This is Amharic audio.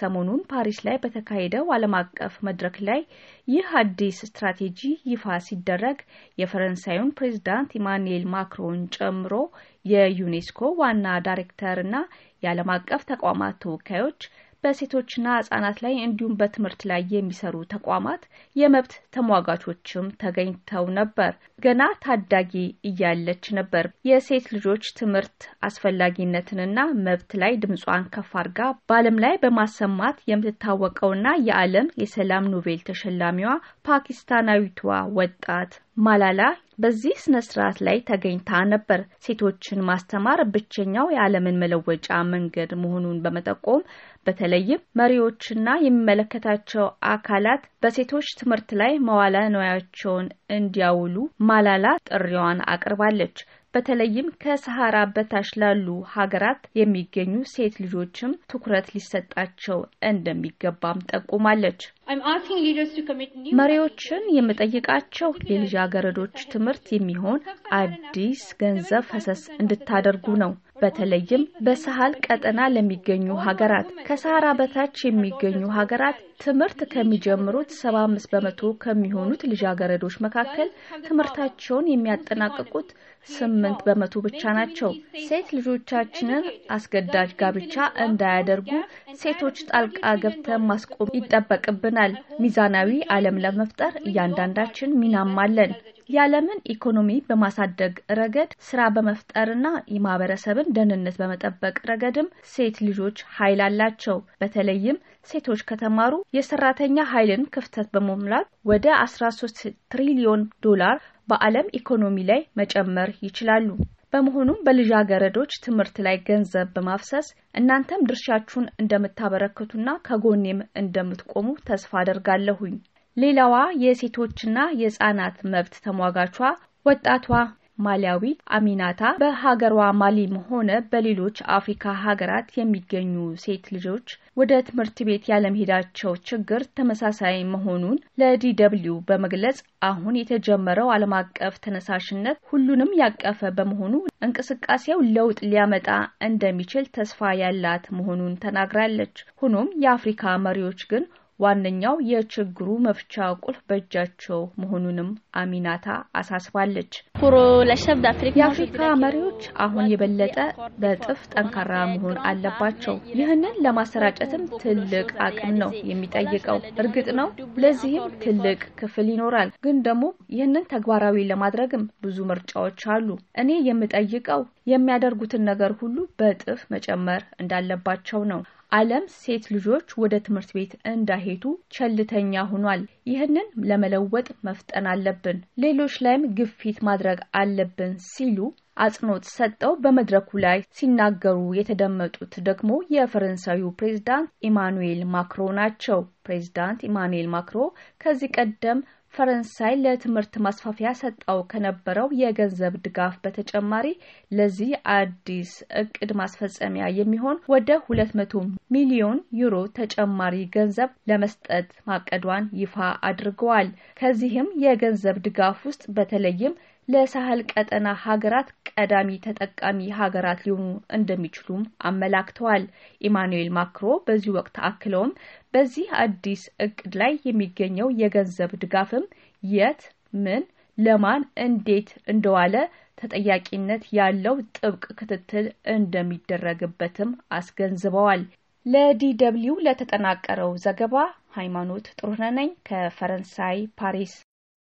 ሰሞኑን ፓሪስ ላይ በተካሄደው ዓለም አቀፍ መድረክ ላይ ይህ አዲስ ስትራቴጂ ይፋ ሲደረግ የፈረንሳዩን ፕሬዚዳንት ኢማኑኤል ማክሮን ጨምሮ የዩኔስኮ ዋና ዳይሬክተርና የዓለም አቀፍ ተቋማት ተወካዮች በሴቶችና ህጻናት ላይ እንዲሁም በትምህርት ላይ የሚሰሩ ተቋማት የመብት ተሟጋቾችም ተገኝተው ነበር። ገና ታዳጊ እያለች ነበር የሴት ልጆች ትምህርት አስፈላጊነትንና መብት ላይ ድምጿን ከፍ አድርጋ በዓለም ላይ በማሰማት የምትታወቀውና የዓለም የሰላም ኖቤል ተሸላሚዋ ፓኪስታናዊቷ ወጣት ማላላ በዚህ ስነ ስርዓት ላይ ተገኝታ ነበር። ሴቶችን ማስተማር ብቸኛው የዓለምን መለወጫ መንገድ መሆኑን በመጠቆም በተለይም መሪዎችና የሚመለከታቸው አካላት በሴቶች ትምህርት ላይ መዋለ ንዋያቸውን እንዲያውሉ ማላላ ጥሪዋን አቅርባለች። በተለይም ከሰሃራ በታች ላሉ ሀገራት የሚገኙ ሴት ልጆችም ትኩረት ሊሰጣቸው እንደሚገባም ጠቁማለች። መሪዎችን የምጠይቃቸው የልጃገረዶች ትምህርት የሚሆን አዲስ ገንዘብ ፈሰስ እንድታደርጉ ነው። በተለይም በሳህል ቀጠና ለሚገኙ ሀገራት ከሰሃራ በታች የሚገኙ ሀገራት ትምህርት ከሚጀምሩት 75 በመቶ ከሚሆኑት ልጃገረዶች መካከል ትምህርታቸውን የሚያጠናቅቁት 8 በመቶ ብቻ ናቸው። ሴት ልጆቻችንን አስገዳጅ ጋብቻ እንዳያደርጉ ሴቶች ጣልቃ ገብተን ማስቆም ይጠበቅብናል። ሚዛናዊ ዓለም ለመፍጠር እያንዳንዳችን ሚናም አለን። የዓለምን ኢኮኖሚ በማሳደግ ረገድ፣ ስራ በመፍጠርና የማህበረሰብን ደህንነት በመጠበቅ ረገድም ሴት ልጆች ኃይል አላቸው። በተለይም ሴቶች ከተማሩ የሰራተኛ ኃይልን ክፍተት በመሙላት ወደ 13 ትሪሊዮን ዶላር በዓለም ኢኮኖሚ ላይ መጨመር ይችላሉ። በመሆኑም በልጃገረዶች ትምህርት ላይ ገንዘብ በማፍሰስ እናንተም ድርሻችሁን እንደምታበረክቱና ከጎኔም እንደምትቆሙ ተስፋ አደርጋለሁኝ። ሌላዋ የሴቶችና የህፃናት መብት ተሟጋቿ ወጣቷ ማሊያዊ አሚናታ በሀገሯ ማሊም ሆነ በሌሎች አፍሪካ ሀገራት የሚገኙ ሴት ልጆች ወደ ትምህርት ቤት ያለመሄዳቸው ችግር ተመሳሳይ መሆኑን ለዲደብልዩ በመግለጽ አሁን የተጀመረው ዓለም አቀፍ ተነሳሽነት ሁሉንም ያቀፈ በመሆኑ እንቅስቃሴው ለውጥ ሊያመጣ እንደሚችል ተስፋ ያላት መሆኑን ተናግራለች። ሆኖም የአፍሪካ መሪዎች ግን ዋነኛው የችግሩ መፍቻ ቁልፍ በእጃቸው መሆኑንም አሚናታ አሳስባለች። የአፍሪካ መሪዎች አሁን የበለጠ በጥፍ ጠንካራ መሆን አለባቸው። ይህንን ለማሰራጨትም ትልቅ አቅም ነው የሚጠይቀው። እርግጥ ነው ለዚህም ትልቅ ክፍል ይኖራል። ግን ደግሞ ይህንን ተግባራዊ ለማድረግም ብዙ ምርጫዎች አሉ። እኔ የምጠይቀው የሚያደርጉትን ነገር ሁሉ በጥፍ መጨመር እንዳለባቸው ነው። ዓለም ሴት ልጆች ወደ ትምህርት ቤት እንዳይሄዱ ቸልተኛ ሆኗል። ይህንን ለመለወጥ መፍጠን አለብን፣ ሌሎች ላይም ግፊት ማድረግ አለብን ሲሉ አጽንኦት ሰጠው። በመድረኩ ላይ ሲናገሩ የተደመጡት ደግሞ የፈረንሳዩ ፕሬዝዳንት ኢማኑኤል ማክሮ ናቸው። ፕሬዝዳንት ኢማኑኤል ማክሮ ከዚህ ቀደም ፈረንሳይ ለትምህርት ማስፋፊያ ሰጣው ከነበረው የገንዘብ ድጋፍ በተጨማሪ ለዚህ አዲስ እቅድ ማስፈጸሚያ የሚሆን ወደ ሁለት መቶ ሚሊዮን ዩሮ ተጨማሪ ገንዘብ ለመስጠት ማቀዷን ይፋ አድርገዋል። ከዚህም የገንዘብ ድጋፍ ውስጥ በተለይም ለሳህል ቀጠና ሀገራት ቀዳሚ ተጠቃሚ ሀገራት ሊሆኑ እንደሚችሉም አመላክተዋል። ኢማኑኤል ማክሮ በዚህ ወቅት አክለውም በዚህ አዲስ እቅድ ላይ የሚገኘው የገንዘብ ድጋፍም የት፣ ምን፣ ለማን፣ እንዴት እንደዋለ ተጠያቂነት ያለው ጥብቅ ክትትል እንደሚደረግበትም አስገንዝበዋል። ለዲደብሊው ለተጠናቀረው ዘገባ ሃይማኖት ጥሩነህ ነኝ ከፈረንሳይ ፓሪስ